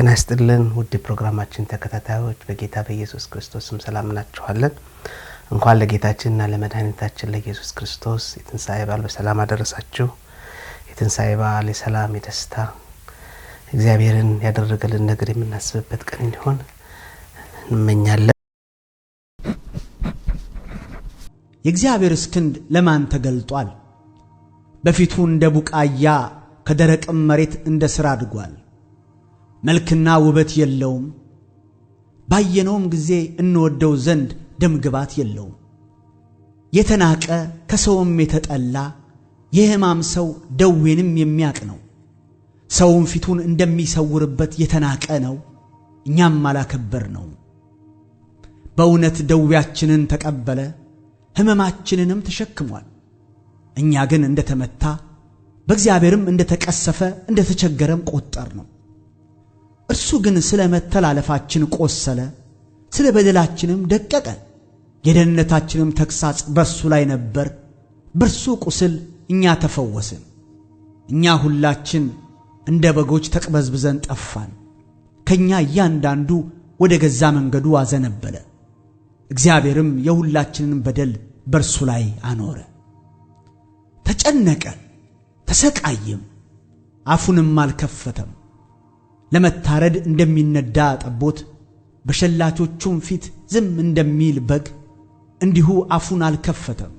ጤና ይስጥልን ውድ ፕሮግራማችን ተከታታዮች፣ በጌታ በኢየሱስ ክርስቶስም ሰላም እናችኋለን። እንኳን ለጌታችንና ለመድኃኒታችን ለኢየሱስ ክርስቶስ የትንሣኤ በዓል በሰላም አደረሳችሁ። የትንሣኤ በዓል የሰላም የደስታ እግዚአብሔርን ያደረገልን ነገር የምናስብበት ቀን እንዲሆን እንመኛለን። የእግዚአብሔርስ ክንድ ለማን ተገልጧል? በፊቱ እንደ ቡቃያ ከደረቅም መሬት እንደ ሥር አድጓል። መልክና ውበት የለውም፣ ባየነውም ጊዜ እንወደው ዘንድ ደም ግባት የለውም። የተናቀ ከሰውም የተጠላ የሕማም ሰው ደዌንም የሚያቅ ነው። ሰውም ፊቱን እንደሚሰውርበት የተናቀ ነው፣ እኛም አላከበር ነው። በእውነት ደዌያችንን ተቀበለ፣ ሕመማችንንም ተሸክሟል። እኛ ግን እንደተመታ በእግዚአብሔርም እንደተቀሰፈ እንደተቸገረም ቆጠር ነው። እርሱ ግን ስለ መተላለፋችን ቆሰለ፣ ስለ በደላችንም ደቀቀ። የደህንነታችንም ተግሳጽ በሱ ላይ ነበር። በርሱ ቁስል እኛ ተፈወስን። እኛ ሁላችን እንደ በጎች ተቅበዝብዘን ጠፋን። ከኛ እያንዳንዱ ወደ ገዛ መንገዱ አዘነበለ። እግዚአብሔርም የሁላችንን በደል በርሱ ላይ አኖረ። ተጨነቀ፣ ተሰቃየም፣ አፉንም አልከፈተም። ለመታረድ እንደሚነዳ ጠቦት በሸላቾቹም ፊት ዝም እንደሚል በግ እንዲሁ አፉን አልከፈተም።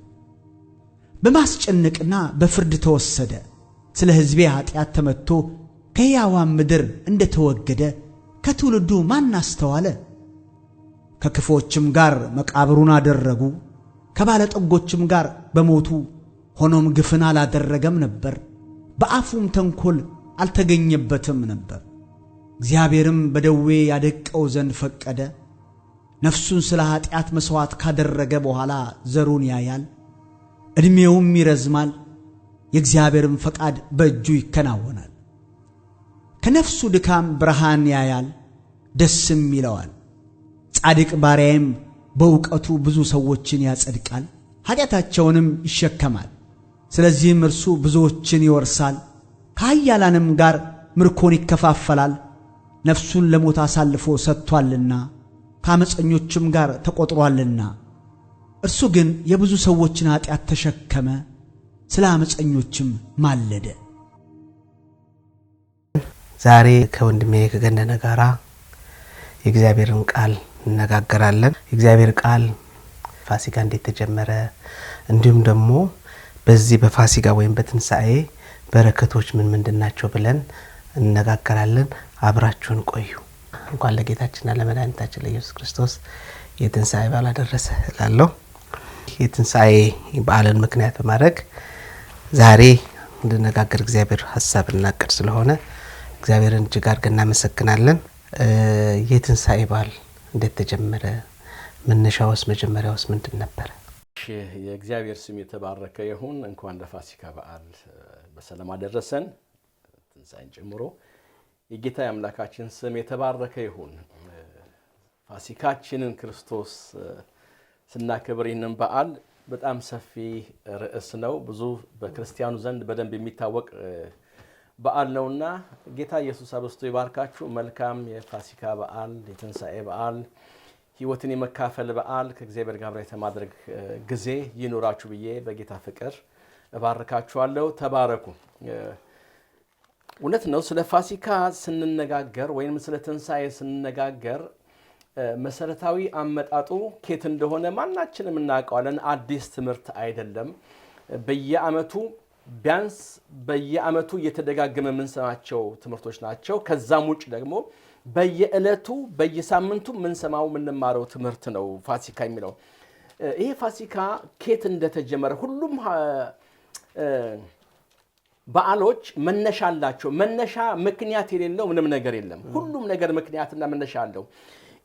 በማስጨነቅና በፍርድ ተወሰደ። ስለ ሕዝቤ ኃጢአት ተመትቶ ከሕያዋን ምድር እንደ ተወገደ ከትውልዱ ማን አስተዋለ? ከክፎችም ጋር መቃብሩን አደረጉ፣ ከባለጠጎችም ጋር በሞቱ ሆኖም ግፍን አላደረገም ነበር፣ በአፉም ተንኮል አልተገኘበትም ነበር። እግዚአብሔርም በደዌ ያደቀው ዘንድ ፈቀደ። ነፍሱን ስለ ኃጢአት መሥዋዕት ካደረገ በኋላ ዘሩን ያያል፣ ዕድሜውም ይረዝማል፣ የእግዚአብሔርም ፈቃድ በእጁ ይከናወናል። ከነፍሱ ድካም ብርሃን ያያል፣ ደስም ይለዋል። ጻድቅ ባሪያዬም በእውቀቱ ብዙ ሰዎችን ያጸድቃል፣ ኃጢአታቸውንም ይሸከማል። ስለዚህም እርሱ ብዙዎችን ይወርሳል፣ ከኃያላንም ጋር ምርኮን ይከፋፈላል። ነፍሱን ለሞት አሳልፎ ሰጥቷልና ከአመፀኞችም ጋር ተቆጥሯልና እርሱ ግን የብዙ ሰዎችን ኃጢአት ተሸከመ፣ ስለ አመፀኞችም ማለደ። ዛሬ ከወንድሜ ከገነነ ጋራ የእግዚአብሔርን ቃል እነጋገራለን። የእግዚአብሔር ቃል ፋሲካ እንዴት ተጀመረ፣ እንዲሁም ደግሞ በዚህ በፋሲካ ወይም በትንሣኤ በረከቶች ምን ምንድን ናቸው ብለን እነጋገራለን። አብራችሁን ቆዩ። እንኳን ለጌታችንና ለመድኃኒታችን ለኢየሱስ ክርስቶስ የትንሣኤ በዓል አደረሰ እላለሁ። የትንሣኤ በዓልን ምክንያት በማድረግ ዛሬ እንድነጋገር እግዚአብሔር ሀሳብ እቅድ ስለሆነ እግዚአብሔርን እጅግ አድርገን እናመሰግናለን። የትንሣኤ በዓል እንዴት ተጀመረ? መነሻውስ መጀመሪያውስ ምንድን ነበረ? የእግዚአብሔር ስም የተባረከ ይሁን። እንኳን ለፋሲካ በዓል በሰላም አደረሰን ትንሣኤን ጨምሮ የጌታ የአምላካችን ስም የተባረከ ይሁን። ፋሲካችንን ክርስቶስ ስናከብር ይህንን በዓል በጣም ሰፊ ርዕስ ነው። ብዙ በክርስቲያኑ ዘንድ በደንብ የሚታወቅ በዓል ነውና ጌታ ኢየሱስ አብስቶ ይባርካችሁ። መልካም የፋሲካ በዓል፣ የትንሣኤ በዓል፣ ሕይወትን የመካፈል በዓል ከእግዚአብሔር ጋር ብሬ የማድረግ ጊዜ ይኑራችሁ ብዬ በጌታ ፍቅር እባርካችኋለሁ። ተባረኩ። እውነት ነው። ስለ ፋሲካ ስንነጋገር ወይም ስለ ትንሣኤ ስንነጋገር መሰረታዊ አመጣጡ ኬት እንደሆነ ማናችንም እናውቀዋለን። አዲስ ትምህርት አይደለም። በየአመቱ ቢያንስ በየአመቱ እየተደጋገመ የምንሰማቸው ትምህርቶች ናቸው። ከዛም ውጭ ደግሞ በየዕለቱ በየሳምንቱ የምንሰማው የምንማረው ትምህርት ነው ፋሲካ የሚለው ይሄ ፋሲካ ኬት እንደተጀመረ ሁሉም በዓሎች መነሻ አላቸው። መነሻ ምክንያት የሌለው ምንም ነገር የለም። ሁሉም ነገር ምክንያትና መነሻ አለው።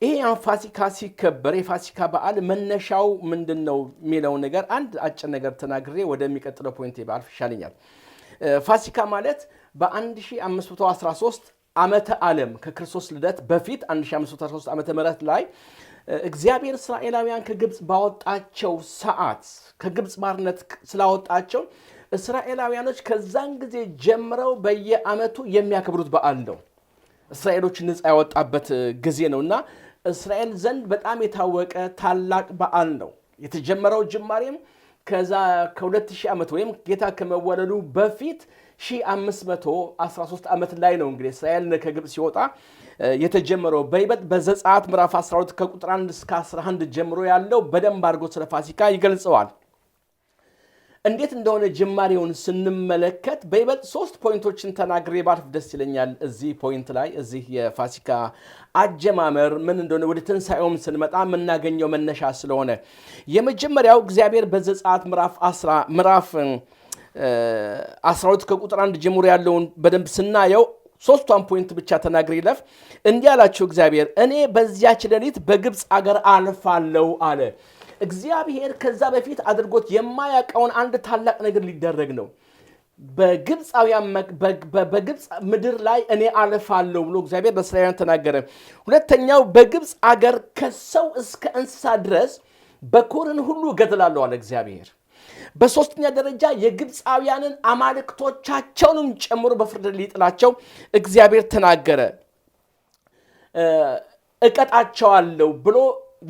ይሄ ያን ፋሲካ ሲከበር የፋሲካ በዓል መነሻው ምንድን ነው የሚለው ነገር አንድ አጭር ነገር ተናግሬ ወደሚቀጥለው ፖይንት በአልፍ ይሻለኛል። ፋሲካ ማለት በ1513 ዓመተ ዓለም ከክርስቶስ ልደት በፊት 1513 ዓመተ ምህረት ላይ እግዚአብሔር እስራኤላውያን ከግብፅ ባወጣቸው ሰዓት ከግብፅ ባርነት ስላወጣቸው እስራኤላውያኖች ከዛን ጊዜ ጀምረው በየዓመቱ የሚያከብሩት በዓል ነው። እስራኤሎች ነፃ ያወጣበት ጊዜ ነው እና እስራኤል ዘንድ በጣም የታወቀ ታላቅ በዓል ነው። የተጀመረው ጅማሬም ከዛ ከ ሺህ ዓመት ወይም ጌታ ከመወለዱ በፊት 1513 ዓመት ላይ ነው እንግዲህ እስራኤል ከግብፅ ሲወጣ የተጀመረው። በይበት በዘጸአት ምዕራፍ 12 ከቁጥር 1 እስከ 11 ጀምሮ ያለው በደንብ አድርጎ ስለ ፋሲካ ይገልጸዋል። እንዴት እንደሆነ ጅማሬውን ስንመለከት በይበልጥ ሶስት ፖይንቶችን ተናግሬ ባልፍ ደስ ይለኛል። እዚህ ፖይንት ላይ እዚህ የፋሲካ አጀማመር ምን እንደሆነ ወደ ትንሣኤውም ስንመጣ የምናገኘው መነሻ ስለሆነ የመጀመሪያው እግዚአብሔር በዘጸአት ምዕራፍ ምዕራፍ 12 ከቁጥር አንድ ጀምሮ ያለውን በደንብ ስናየው ሶስቷን ፖይንት ብቻ ተናግሬ ይለፍ። እንዲህ አላቸው እግዚአብሔር እኔ በዚያች ሌሊት በግብፅ አገር አልፋለሁ አለ። እግዚአብሔር ከዛ በፊት አድርጎት የማያውቀውን አንድ ታላቅ ነገር ሊደረግ ነው። በግብፅ ምድር ላይ እኔ አልፋለሁ ብሎ እግዚአብሔር ለእስራኤላውያን ተናገረ። ሁለተኛው በግብፅ አገር ከሰው እስከ እንስሳ ድረስ በኩርን ሁሉ እገድላለሁ አለ እግዚአብሔር። በሶስተኛ ደረጃ የግብፃውያንን አማልክቶቻቸውንም ጨምሮ በፍርድ ሊጥላቸው እግዚአብሔር ተናገረ። እቀጣቸዋለሁ ብሎ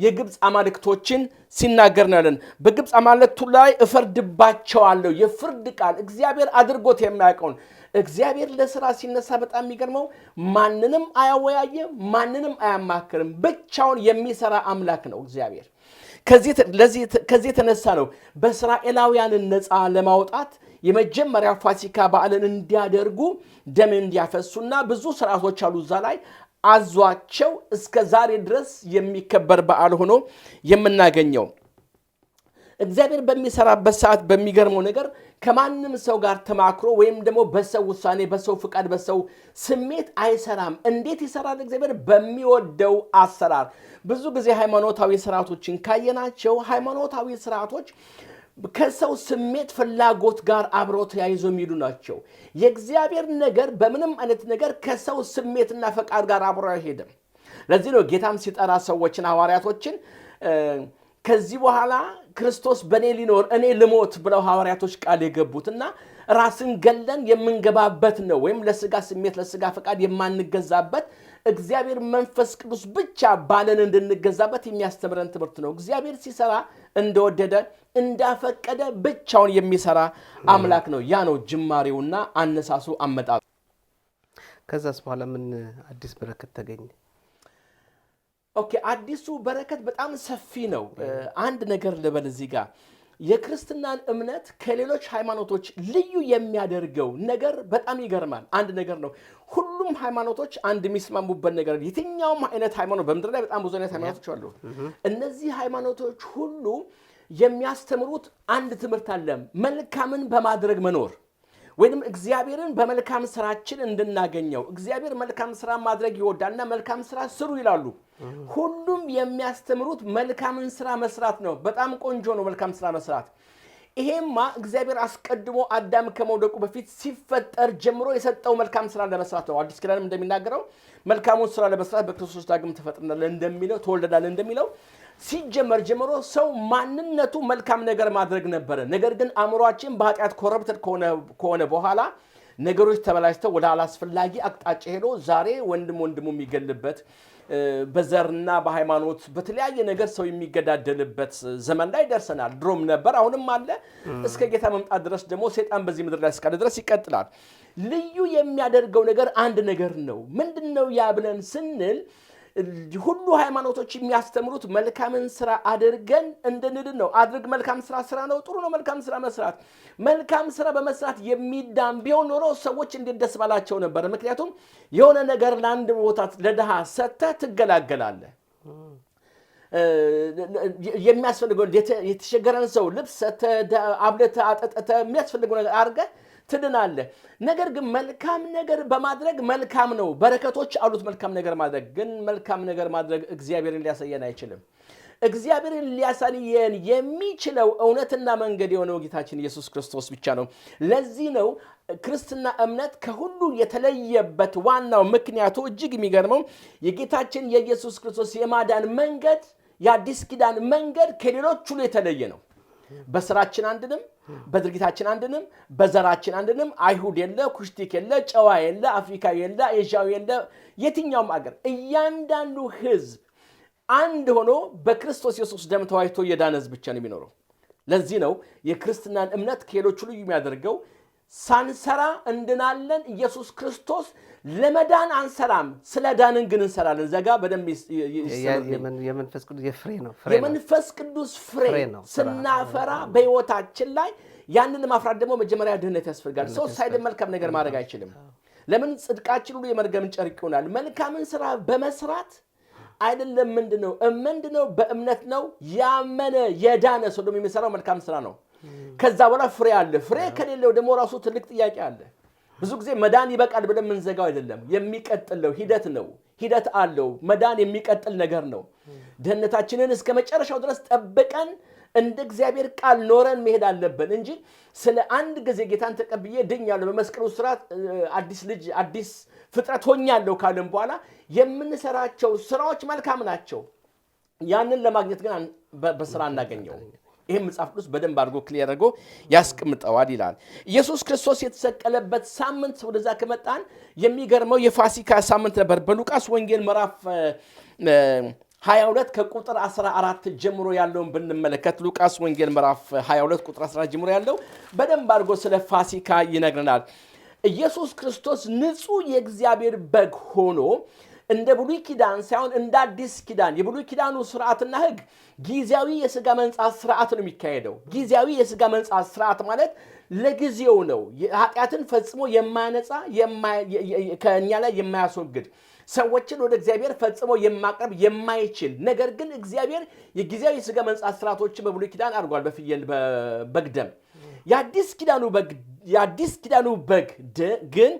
የግብፅ አማልክቶችን ሲናገር ነው ያለን። በግብፅ አማልክቱ ላይ እፈርድባቸዋለሁ። የፍርድ ቃል እግዚአብሔር አድርጎት የማያውቀውን እግዚአብሔር ለስራ ሲነሳ በጣም የሚገርመው ማንንም አያወያየ፣ ማንንም አያማክርም። ብቻውን የሚሰራ አምላክ ነው እግዚአብሔር። ከዚህ የተነሳ ነው በእስራኤላውያንን ነፃ ለማውጣት የመጀመሪያ ፋሲካ በዓልን እንዲያደርጉ ደም እንዲያፈሱና ብዙ ስርዓቶች አሉ እዛ ላይ አዟቸው እስከ ዛሬ ድረስ የሚከበር በዓል ሆኖ የምናገኘው እግዚአብሔር በሚሰራበት ሰዓት በሚገርመው ነገር ከማንም ሰው ጋር ተማክሮ ወይም ደግሞ በሰው ውሳኔ፣ በሰው ፍቃድ፣ በሰው ስሜት አይሰራም። እንዴት ይሰራል? እግዚአብሔር በሚወደው አሰራር። ብዙ ጊዜ ሃይማኖታዊ ስርዓቶችን ካየናቸው ሃይማኖታዊ ስርዓቶች ከሰው ስሜት ፍላጎት ጋር አብሮ ተያይዞ የሚሉ ናቸው። የእግዚአብሔር ነገር በምንም አይነት ነገር ከሰው ስሜትና ፈቃድ ጋር አብሮ አይሄድም። ለዚህ ነው ጌታም ሲጠራ ሰዎችን ሐዋርያቶችን ከዚህ በኋላ ክርስቶስ በእኔ ሊኖር እኔ ልሞት ብለው ሐዋርያቶች ቃል የገቡትና ራስን ገለን የምንገባበት ነው ወይም ለስጋ ስሜት ለስጋ ፈቃድ የማንገዛበት እግዚአብሔር መንፈስ ቅዱስ ብቻ ባለን እንድንገዛበት የሚያስተምረን ትምህርት ነው። እግዚአብሔር ሲሰራ እንደወደደ እንዳፈቀደ ብቻውን የሚሰራ አምላክ ነው። ያ ነው ጅማሬውና አነሳሱ አመጣጡ። ከዛስ በኋላ ምን አዲስ በረከት ተገኘ? ኦኬ አዲሱ በረከት በጣም ሰፊ ነው። አንድ ነገር ልበል እዚህ ጋር የክርስትናን እምነት ከሌሎች ሃይማኖቶች ልዩ የሚያደርገው ነገር በጣም ይገርማል። አንድ ነገር ነው። ሁሉም ሃይማኖቶች አንድ የሚስማሙበት ነገር፣ የትኛውም አይነት ሃይማኖት በምድር ላይ በጣም ብዙ አይነት ሃይማኖቶች አሉ። እነዚህ ሃይማኖቶች ሁሉ የሚያስተምሩት አንድ ትምህርት አለ፣ መልካምን በማድረግ መኖር ወይም እግዚአብሔርን በመልካም ስራችን እንድናገኘው እግዚአብሔር መልካም ስራ ማድረግ ይወዳልና መልካም ስራ ስሩ ይላሉ። ሁሉም የሚያስተምሩት መልካምን ስራ መስራት ነው። በጣም ቆንጆ ነው መልካም ስራ መስራት። ይሄማ እግዚአብሔር አስቀድሞ አዳም ከመውደቁ በፊት ሲፈጠር ጀምሮ የሰጠው መልካም ስራ ለመስራት ነው። አዲስ ኪዳንም እንደሚናገረው መልካሙን ስራ ለመስራት በክርስቶስ ዳግም ተፈጥረናል እንደሚለው ተወልደናል እንደሚለው ሲጀመር ጀምሮ ሰው ማንነቱ መልካም ነገር ማድረግ ነበረ። ነገር ግን አእምሯችን በኃጢአት ኮረብተድ ከሆነ በኋላ ነገሮች ተበላሽተው ወደ አላስፈላጊ አቅጣጫ ሄዶ ዛሬ ወንድም ወንድሙ የሚገልበት በዘርና በሃይማኖት በተለያየ ነገር ሰው የሚገዳደልበት ዘመን ላይ ደርሰናል። ድሮም ነበር፣ አሁንም አለ። እስከ ጌታ መምጣት ድረስ ደግሞ ሴጣን በዚህ ምድር ላይ እስካለ ድረስ ይቀጥላል። ልዩ የሚያደርገው ነገር አንድ ነገር ነው። ምንድን ነው ያ ብለን ስንል ሁሉ ሃይማኖቶች የሚያስተምሩት መልካምን ስራ አድርገን እንድንድን ነው። አድርግ መልካም ስራ ስራ ነው፣ ጥሩ ነው። መልካም ስራ መስራት መልካም ስራ በመስራት የሚዳን ቢሆን ኖሮ ሰዎች እንዴት ደስ ባላቸው ነበር። ምክንያቱም የሆነ ነገር ለአንድ ቦታ ለድሃ ሰጥተህ ትገላገላለ። የሚያስፈልገው የተቸገረን ሰው ልብስ ሰተ አብለተ አጠጠተ የሚያስፈልገው ነገር አድርገህ ትድናለህ። ነገር ግን መልካም ነገር በማድረግ መልካም ነው። በረከቶች አሉት መልካም ነገር ማድረግ። ግን መልካም ነገር ማድረግ እግዚአብሔርን ሊያሳየን አይችልም። እግዚአብሔርን ሊያሳየን የሚችለው እውነትና መንገድ የሆነው ጌታችን ኢየሱስ ክርስቶስ ብቻ ነው። ለዚህ ነው ክርስትና እምነት ከሁሉ የተለየበት ዋናው ምክንያቱ እጅግ የሚገርመው የጌታችን የኢየሱስ ክርስቶስ የማዳን መንገድ የአዲስ ኪዳን መንገድ ከሌሎች ሁሉ የተለየ ነው። በስራችን አንድንም በድርጊታችን አንድንም፣ በዘራችን አንድንም። አይሁድ የለ፣ ኩሽቲክ የለ፣ ጨዋ የለ፣ አፍሪካ የለ፣ ኤዥያዊ የለ፣ የትኛውም አገር እያንዳንዱ ህዝብ አንድ ሆኖ በክርስቶስ ኢየሱስ ደም ተዋጅቶ የዳነ ህዝብ ብቻ ነው የሚኖረው። ለዚህ ነው የክርስትናን እምነት ከሌሎች ልዩ የሚያደርገው ሳንሰራ እንድናለን። ኢየሱስ ክርስቶስ ለመዳን አንሰራም፣ ስለ ዳንን ግን እንሰራለን። ዘጋ በደንብ የመንፈስ ቅዱስ የፍሬ ነው። የመንፈስ ቅዱስ ፍሬ ስናፈራ በሕይወታችን ላይ ያንን ማፍራት ደግሞ መጀመሪያ ድህነት ያስፈልጋል። ሰው ሳይድን መልካም ነገር ማድረግ አይችልም። ለምን ጽድቃችን ሁሉ የመርገም ጨርቅ ይሆናል። መልካምን ስራ በመስራት አይደለም። ምንድን ነው ምንድን ነው? በእምነት ነው። ያመነ የዳነ ሰው ደግሞ የሚሰራው መልካም ስራ ነው። ከዛ በኋላ ፍሬ አለ። ፍሬ ከሌለው ደግሞ ራሱ ትልቅ ጥያቄ አለ። ብዙ ጊዜ መዳን ይበቃል ብለን የምንዘጋው አይደለም። የሚቀጥለው ሂደት ነው፣ ሂደት አለው። መዳን የሚቀጥል ነገር ነው። ደህንነታችንን እስከ መጨረሻው ድረስ ጠብቀን እንደ እግዚአብሔር ቃል ኖረን መሄድ አለብን እንጂ ስለ አንድ ጊዜ ጌታን ተቀብዬ ድኛለሁ፣ በመስቀሉ ስራ አዲስ ልጅ አዲስ ፍጥረት ሆኛለሁ ካለን በኋላ የምንሰራቸው ስራዎች መልካም ናቸው። ያንን ለማግኘት ግን በስራ አናገኘውም። ይህ መጽሐፍ ቅዱስ በደንብ አድርጎ ክሊየር አድርጎ ያስቀምጠዋል ይላል። ኢየሱስ ክርስቶስ የተሰቀለበት ሳምንት ወደዛ ከመጣን የሚገርመው የፋሲካ ሳምንት ነበር። በሉቃስ ወንጌል ምዕራፍ 22 ከቁጥር 14 ጀምሮ ያለውን ብንመለከት ሉቃስ ወንጌል ምዕራፍ 22 ቁጥር 14 ጀምሮ ያለው በደንብ አድርጎ ስለ ፋሲካ ይነግረናል። ኢየሱስ ክርስቶስ ንጹሕ የእግዚአብሔር በግ ሆኖ እንደ ብሉይ ኪዳን ሳይሆን እንደ አዲስ ኪዳን የብሉይ ኪዳኑ ስርዓትና ህግ ጊዜያዊ የስጋ መንጻት ስርዓት ነው የሚካሄደው። ጊዜያዊ የስጋ መንጻት ስርዓት ማለት ለጊዜው ነው። ኃጢአትን ፈጽሞ የማያነጻ ከእኛ ላይ የማያስወግድ ሰዎችን ወደ እግዚአብሔር ፈጽሞ የማቅረብ የማይችል ነገር ግን እግዚአብሔር የጊዜያዊ የስጋ መንጻት ስርዓቶችን በብሉይ ኪዳን አድርጓል። በፍየል የአዲስ ኪዳኑ በግ ግን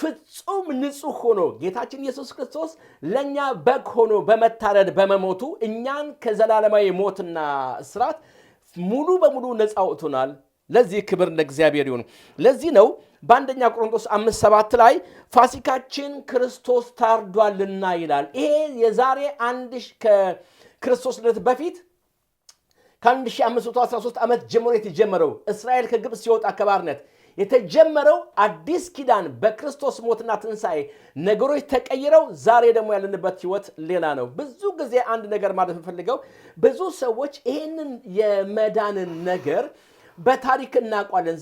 ፍጹም ንጹህ ሆኖ ጌታችን ኢየሱስ ክርስቶስ ለእኛ በግ ሆኖ በመታረድ በመሞቱ እኛን ከዘላለማዊ ሞትና ስራት ሙሉ በሙሉ ነፃ ለዚህ ክብር ለእግዚአብሔር ይሁን። ለዚህ ነው በአንደኛ ቆሮንቶስ አምስት ሰባት ላይ ፋሲካችን ክርስቶስ ታርዷልና ይላል። ይሄ የዛሬ አንድ ከክርስቶስ ልደት በፊት ከ1513 ዓመት ጀምሮ የተጀመረው እስራኤል ከግብፅ ሲወጣ ከባርነት የተጀመረው አዲስ ኪዳን በክርስቶስ ሞትና ትንሣኤ ነገሮች ተቀይረው ዛሬ ደግሞ ያለንበት ህይወት ሌላ ነው። ብዙ ጊዜ አንድ ነገር ማለት የምፈልገው ብዙ ሰዎች ይህንን የመዳንን ነገር በታሪክ እናውቋለን።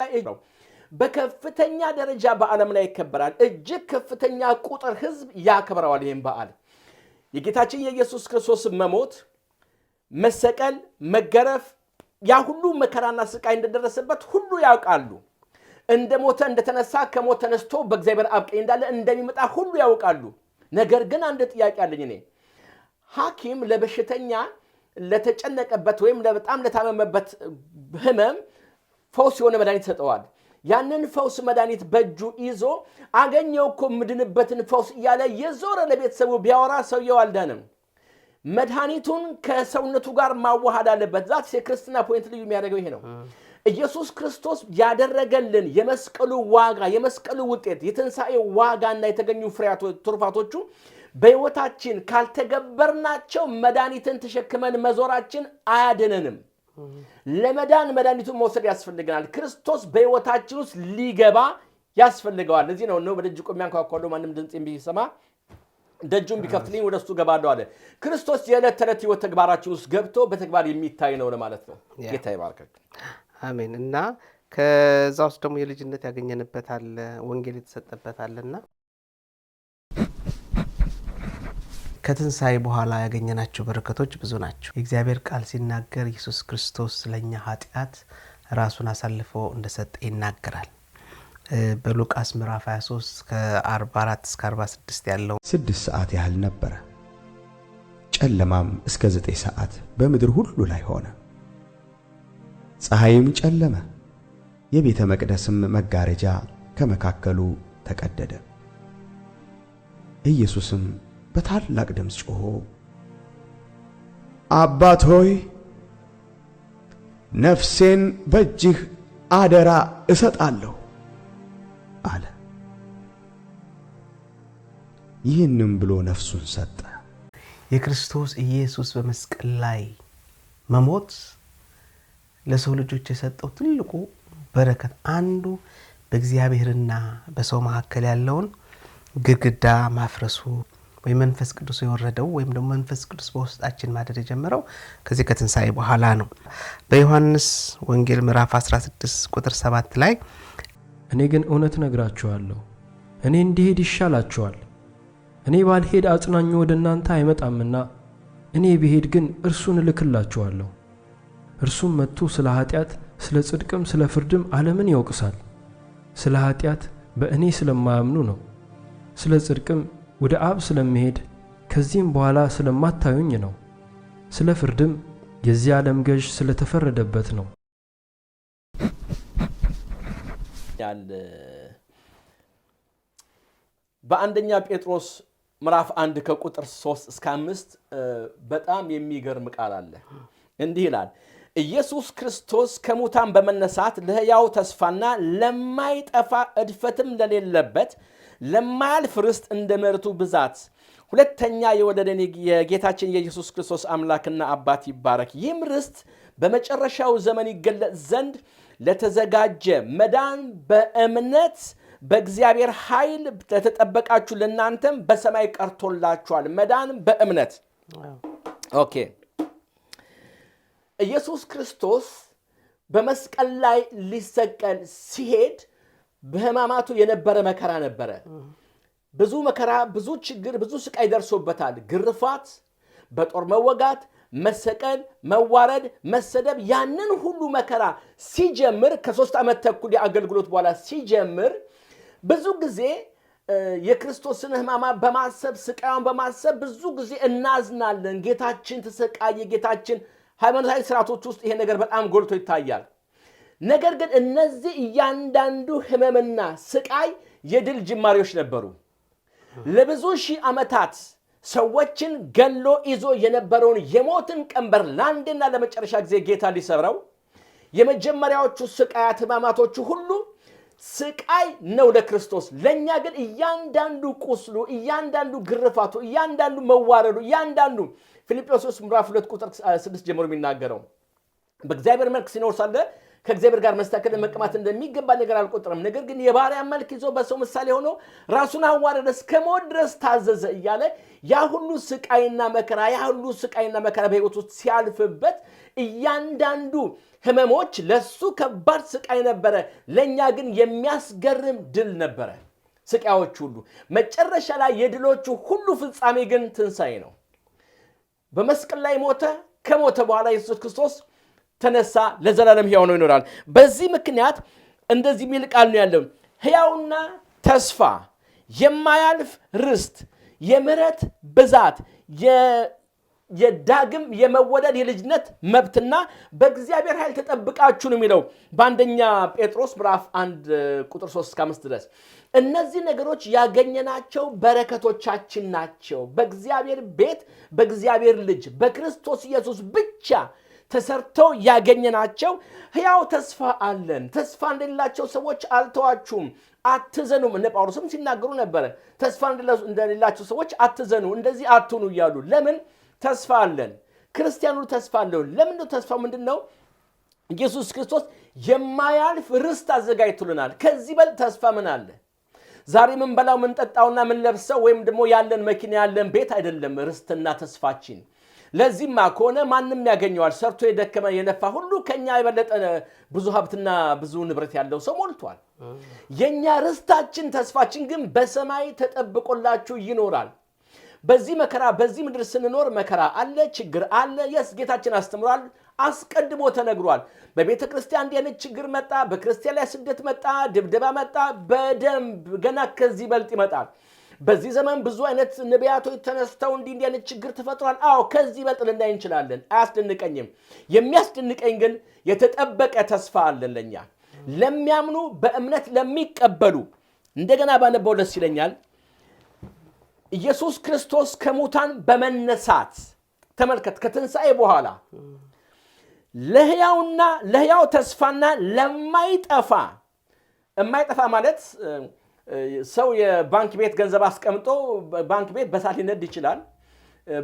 በከፍተኛ ደረጃ በዓለም ላይ ይከበራል። እጅግ ከፍተኛ ቁጥር ህዝብ ያከብረዋል። ይህም በዓል የጌታችን የኢየሱስ ክርስቶስ መሞት፣ መሰቀል፣ መገረፍ ያ ሁሉ መከራና ስቃይ እንደደረሰበት ሁሉ ያውቃሉ። እንደ ሞተ እንደተነሳ ከሞት ተነስቶ በእግዚአብሔር አብ ቀኝ እንዳለ እንደሚመጣ ሁሉ ያውቃሉ። ነገር ግን አንድ ጥያቄ አለኝ እኔ ሐኪም ለበሽተኛ ለተጨነቀበት ወይም በጣም ለታመመበት ህመም ፈውስ የሆነ መድኃኒት ሰጠዋል። ያንን ፈውስ መድኃኒት በእጁ ይዞ አገኘው እኮ ምድንበትን ፈውስ እያለ የዞረ ለቤተሰቡ ቢያወራ ሰውየው አልዳንም። መድኃኒቱን ከሰውነቱ ጋር ማዋሃድ አለበት። ዛት የክርስትና ፖይንት ልዩ የሚያደርገው ይሄ ነው። ኢየሱስ ክርስቶስ ያደረገልን የመስቀሉ ዋጋ የመስቀሉ ውጤት የትንሣኤ ዋጋና የተገኙ ፍሬያቶች ትሩፋቶቹ በሕይወታችን ካልተገበርናቸው መድኃኒትን ተሸክመን መዞራችን አያድነንም። ለመዳን መድኃኒቱን መውሰድ ያስፈልገናል። ክርስቶስ በሕይወታችን ውስጥ ሊገባ ያስፈልገዋል። እዚህ ነው ነው በደጅ ቆሜ አንኳኳለሁ ማንም ድምፅ ቢሰማ ደጁን ቢከፍትልኝ ወደ እሱ ገባለሁ አለ። ክርስቶስ የዕለት ተዕለት ሕይወት ተግባራችን ውስጥ ገብቶ በተግባር የሚታይ ነው ለማለት ነው። ጌታ ይባርካችሁ። አሜን እና ከዛ ውስጥ ደግሞ የልጅነት ያገኘንበት አለ፣ ወንጌል የተሰጠበት እና ከትንሣኤ በኋላ ያገኘናቸው በረከቶች ብዙ ናቸው። የእግዚአብሔር ቃል ሲናገር ኢየሱስ ክርስቶስ ስለኛ ኃጢአት ራሱን አሳልፎ እንደሰጠ ይናገራል። በሉቃስ ምዕራፍ 23 ከ44 እስከ 46 ያለው ስድስት ሰዓት ያህል ነበረ። ጨለማም እስከ ዘጠኝ ሰዓት በምድር ሁሉ ላይ ሆነ። ፀሐይም ጨለመ፣ የቤተ መቅደስም መጋረጃ ከመካከሉ ተቀደደ። ኢየሱስም በታላቅ ድምፅ ጮኾ አባት ሆይ ነፍሴን በእጅህ አደራ እሰጣለሁ አለ። ይህንም ብሎ ነፍሱን ሰጠ። የክርስቶስ ኢየሱስ በመስቀል ላይ መሞት ለሰው ልጆች የሰጠው ትልቁ በረከት አንዱ በእግዚአብሔርና በሰው መካከል ያለውን ግድግዳ ማፍረሱ ወይም መንፈስ ቅዱስ የወረደው ወይም ደግሞ መንፈስ ቅዱስ በውስጣችን ማደር የጀመረው ከዚህ ከትንሣኤ በኋላ ነው። በዮሐንስ ወንጌል ምዕራፍ 16 ቁጥር 7 ላይ እኔ ግን እውነት እነግራችኋለሁ፣ እኔ እንዲሄድ ይሻላችኋል። እኔ ባልሄድ አጽናኙ ወደ እናንተ አይመጣምና፣ እኔ ብሄድ ግን እርሱን እልክላችኋለሁ እርሱም መጥቶ ስለ ኃጢአት፣ ስለ ጽድቅም ስለ ፍርድም ዓለምን ያወቅሳል። ስለ ኃጢአት በእኔ ስለማያምኑ ነው፣ ስለ ጽድቅም ወደ አብ ስለምሄድ ከዚህም በኋላ ስለማታዩኝ ነው፣ ስለ ፍርድም የዚህ ዓለም ገዥ ስለተፈረደበት ነው። በአንደኛ ጴጥሮስ ምዕራፍ አንድ ከቁጥር ሶስት እስከ አምስት በጣም የሚገርም ቃል አለ። እንዲህ ይላል ኢየሱስ ክርስቶስ ከሙታን በመነሳት ለሕያው ተስፋና ለማይጠፋ እድፈትም ለሌለበት ለማያልፍ ርስት እንደ ምሕረቱ ብዛት ሁለተኛ የወለደን የጌታችን የኢየሱስ ክርስቶስ አምላክና አባት ይባረክ። ይህም ርስት በመጨረሻው ዘመን ይገለጽ ዘንድ ለተዘጋጀ መዳን በእምነት በእግዚአብሔር ኃይል ለተጠበቃችሁ ለእናንተም በሰማይ ቀርቶላችኋል። መዳን በእምነት ኦኬ ኢየሱስ ክርስቶስ በመስቀል ላይ ሊሰቀል ሲሄድ በህማማቱ የነበረ መከራ ነበረ። ብዙ መከራ፣ ብዙ ችግር፣ ብዙ ስቃይ ደርሶበታል። ግርፋት፣ በጦር መወጋት፣ መሰቀል፣ መዋረድ፣ መሰደብ ያንን ሁሉ መከራ ሲጀምር ከሶስት ዓመት ተኩል የአገልግሎት በኋላ ሲጀምር ብዙ ጊዜ የክርስቶስን ህማማ በማሰብ ስቃዩን በማሰብ ብዙ ጊዜ እናዝናለን። ጌታችን ተሰቃየ፣ ጌታችን ሃይማኖታዊ ስርዓቶች ውስጥ ይሄ ነገር በጣም ጎልቶ ይታያል። ነገር ግን እነዚህ እያንዳንዱ ህመምና ስቃይ የድል ጅማሬዎች ነበሩ። ለብዙ ሺህ ዓመታት ሰዎችን ገሎ ይዞ የነበረውን የሞትን ቀንበር ለአንድና ለመጨረሻ ጊዜ ጌታ ሊሰብረው የመጀመሪያዎቹ ስቃያት ህማማቶቹ ሁሉ ስቃይ ነው ለክርስቶስ። ለእኛ ግን እያንዳንዱ ቁስሉ፣ እያንዳንዱ ግርፋቱ፣ እያንዳንዱ መዋረዱ፣ እያንዳንዱ ፊልጵስዩስ ምዕራፍ ሁለት ቁጥር ስድስት ጀምሮ የሚናገረው በእግዚአብሔር መልክ ሲኖር ሳለ ከእግዚአብሔር ጋር መስተካከል መቀማት እንደሚገባ ነገር አልቆጠረም። ነገር ግን የባሪያ መልክ ይዞ በሰው ምሳሌ ሆኖ ራሱን አዋረደ፣ እስከ ሞት ድረስ ታዘዘ እያለ ያ ሁሉ ስቃይና መከራ ያ ሁሉ ስቃይና መከራ በሕይወት ውስጥ ሲያልፍበት እያንዳንዱ ህመሞች ለሱ ከባድ ስቃይ ነበረ፣ ለእኛ ግን የሚያስገርም ድል ነበረ። ስቃዮች ሁሉ መጨረሻ ላይ የድሎቹ ሁሉ ፍጻሜ ግን ትንሣኤ ነው። በመስቀል ላይ ሞተ። ከሞተ በኋላ ኢየሱስ ክርስቶስ ተነሳ፣ ለዘላለም ሕያው ነው ይኖራል። በዚህ ምክንያት እንደዚህ የሚል ቃል ነው ያለው ሕያውና ተስፋ የማያልፍ ርስት የምሕረት ብዛት የዳግም የመወለድ የልጅነት መብትና በእግዚአብሔር ኃይል ተጠብቃችሁ ነው የሚለው በአንደኛ ጴጥሮስ ምዕራፍ አንድ ቁጥር 3 እስከ 5 ድረስ። እነዚህ ነገሮች ያገኘናቸው በረከቶቻችን ናቸው። በእግዚአብሔር ቤት፣ በእግዚአብሔር ልጅ በክርስቶስ ኢየሱስ ብቻ ተሰርተው ያገኘናቸው ሕያው ተስፋ አለን። ተስፋ እንደሌላቸው ሰዎች አልተዋችሁም፣ አትዘኑም። እነ ጳውሎስም ሲናገሩ ነበረ። ተስፋ እንደሌላቸው ሰዎች አትዘኑ፣ እንደዚህ አትኑ እያሉ ለምን ተስፋ አለን። ክርስቲያኑ ተስፋ አለው። ለምን ነው ተስፋው ምንድን ነው? ኢየሱስ ክርስቶስ የማያልፍ ርስት አዘጋጅቶልናል። ከዚህ በል ተስፋ ምን አለ? ዛሬ ምንበላው ምንጠጣውና ምንለብሰው ወይም ደግሞ ያለን መኪና ያለን ቤት አይደለም ርስትና ተስፋችን። ለዚህማ ከሆነ ማንም ያገኘዋል። ሰርቶ የደከመ የነፋ ሁሉ ከኛ የበለጠ ብዙ ሀብትና ብዙ ንብረት ያለው ሰው ሞልቷል። የእኛ ርስታችን ተስፋችን ግን በሰማይ ተጠብቆላችሁ ይኖራል። በዚህ መከራ በዚህ ምድር ስንኖር መከራ አለ፣ ችግር አለ። የስ ጌታችን አስተምሯል፣ አስቀድሞ ተነግሯል። በቤተ ክርስቲያን እንዲህ አይነት ችግር መጣ፣ በክርስቲያን ላይ ስደት መጣ፣ ድብደባ መጣ፣ በደንብ ገና ከዚህ በልጥ ይመጣል። በዚህ ዘመን ብዙ አይነት ነቢያቶች ተነስተው እንዲህ እንዲህ አይነት ችግር ተፈጥሯል። አዎ ከዚህ በልጥ ልናይ እንችላለን፣ አያስደንቀኝም። የሚያስደንቀኝ ግን የተጠበቀ ተስፋ አለን ለእኛ ለሚያምኑ በእምነት ለሚቀበሉ እንደገና ባነበው ደስ ይለኛል። ኢየሱስ ክርስቶስ ከሙታን በመነሳት ተመልከት፣ ከትንሣኤ በኋላ ለሕያውና ለሕያው ተስፋና ለማይጠፋ የማይጠፋ ማለት ሰው የባንክ ቤት ገንዘብ አስቀምጦ ባንክ ቤት በሳት ሊነድ ይችላል።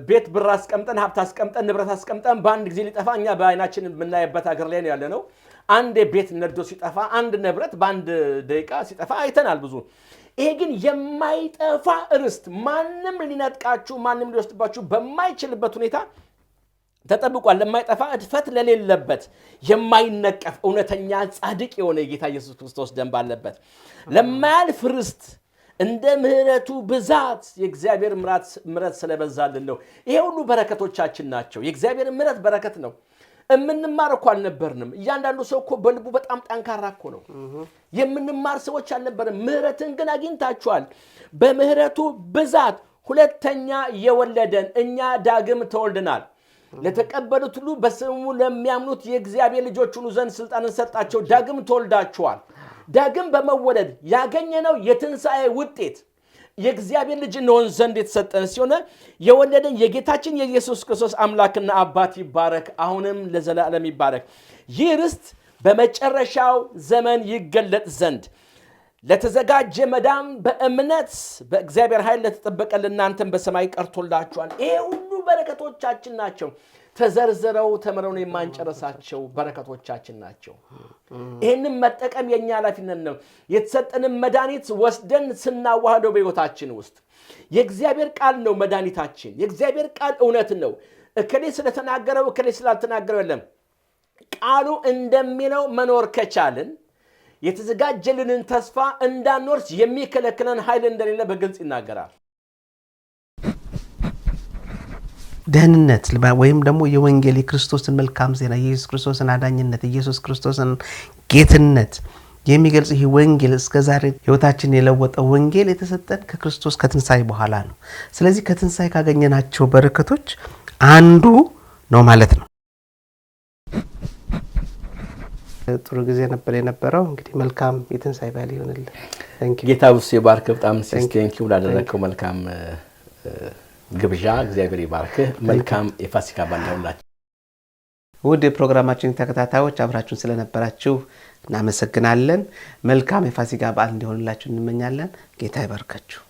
ቤት ብር አስቀምጠን ሀብት አስቀምጠን ንብረት አስቀምጠን በአንድ ጊዜ ሊጠፋ እኛ በአይናችን የምናየበት ሀገር ላይ ነው ያለ ነው። አንድ ቤት ነዶ ሲጠፋ፣ አንድ ንብረት በአንድ ደቂቃ ሲጠፋ አይተናል ብዙ ይሄ ግን የማይጠፋ ርስት ማንም ሊነጥቃችሁ ማንም ሊወስድባችሁ በማይችልበት ሁኔታ ተጠብቋል። ለማይጠፋ እድፈት ለሌለበት የማይነቀፍ እውነተኛ ጻድቅ የሆነ የጌታ ኢየሱስ ክርስቶስ ደንብ አለበት ለማያልፍ ርስት እንደ ምህረቱ ብዛት የእግዚአብሔር ምረት ስለበዛልን ነው። ይሄ ሁሉ በረከቶቻችን ናቸው። የእግዚአብሔር ምረት በረከት ነው። የምንማር እኮ አልነበርንም። እያንዳንዱ ሰው እኮ በልቡ በጣም ጠንካራ እኮ ነው። የምንማር ሰዎች አልነበርንም። ምህረትን ግን አግኝታችኋል። በምህረቱ ብዛት ሁለተኛ የወለደን እኛ ዳግም ተወልድናል። ለተቀበሉት ሁሉ በስሙ ለሚያምኑት የእግዚአብሔር ልጆች ሁሉ ዘንድ ስልጣንን ሰጣቸው። ዳግም ተወልዳችኋል። ዳግም በመወለድ ያገኘነው የትንሣኤ ውጤት የእግዚአብሔር ልጅ እንሆን ዘንድ የተሰጠን ሲሆነ የወለደን የጌታችን የኢየሱስ ክርስቶስ አምላክና አባት ይባረክ፣ አሁንም ለዘላለም ይባረክ። ይህ ርስት በመጨረሻው ዘመን ይገለጥ ዘንድ ለተዘጋጀ መዳም በእምነት በእግዚአብሔር ኃይል ለተጠበቀ ልናንተን በሰማይ ቀርቶላችኋል። ይሄ ሁሉ በረከቶቻችን ናቸው። ተዘርዝረው ተምረውን የማንጨረሳቸው በረከቶቻችን ናቸው። ይህንም መጠቀም የእኛ ኃላፊነት ነው። የተሰጠንም መድኃኒት ወስደን ስናዋህደው በሕይወታችን ውስጥ የእግዚአብሔር ቃል ነው መድኃኒታችን። የእግዚአብሔር ቃል እውነት ነው። እከሌ ስለተናገረው እከሌ ስላልተናገረው የለም። ቃሉ እንደሚለው መኖር ከቻልን የተዘጋጀልንን ተስፋ እንዳኖርስ የሚከለክለን ኃይል እንደሌለ በግልጽ ይናገራል። ደህንነት ወይም ደግሞ የወንጌል የክርስቶስን መልካም ዜና የኢየሱስ ክርስቶስን አዳኝነት ኢየሱስ ክርስቶስን ጌትነት የሚገልጽ ይህ ወንጌል እስከ ዛሬ ህይወታችን የለወጠ ወንጌል የተሰጠን ከክርስቶስ ከትንሣኤ በኋላ ነው። ስለዚህ ከትንሣኤ ካገኘናቸው በረከቶች አንዱ ነው ማለት ነው። ጥሩ ጊዜ ነበር የነበረው። እንግዲህ መልካም የትንሣኤ በዓል ይሆንልን። ጌታ ውስ የባርክ በጣም ሲስቴንኪ ላደረግከው መልካም ግብዣ እግዚአብሔር ይባርክህ። መልካም የፋሲካ በዓል ይሁንላችሁ። ውድ የፕሮግራማችን ተከታታዮች አብራችሁን ስለነበራችሁ እናመሰግናለን። መልካም የፋሲካ በዓል እንዲሆንላችሁ እንመኛለን። ጌታ ይባርካችሁ።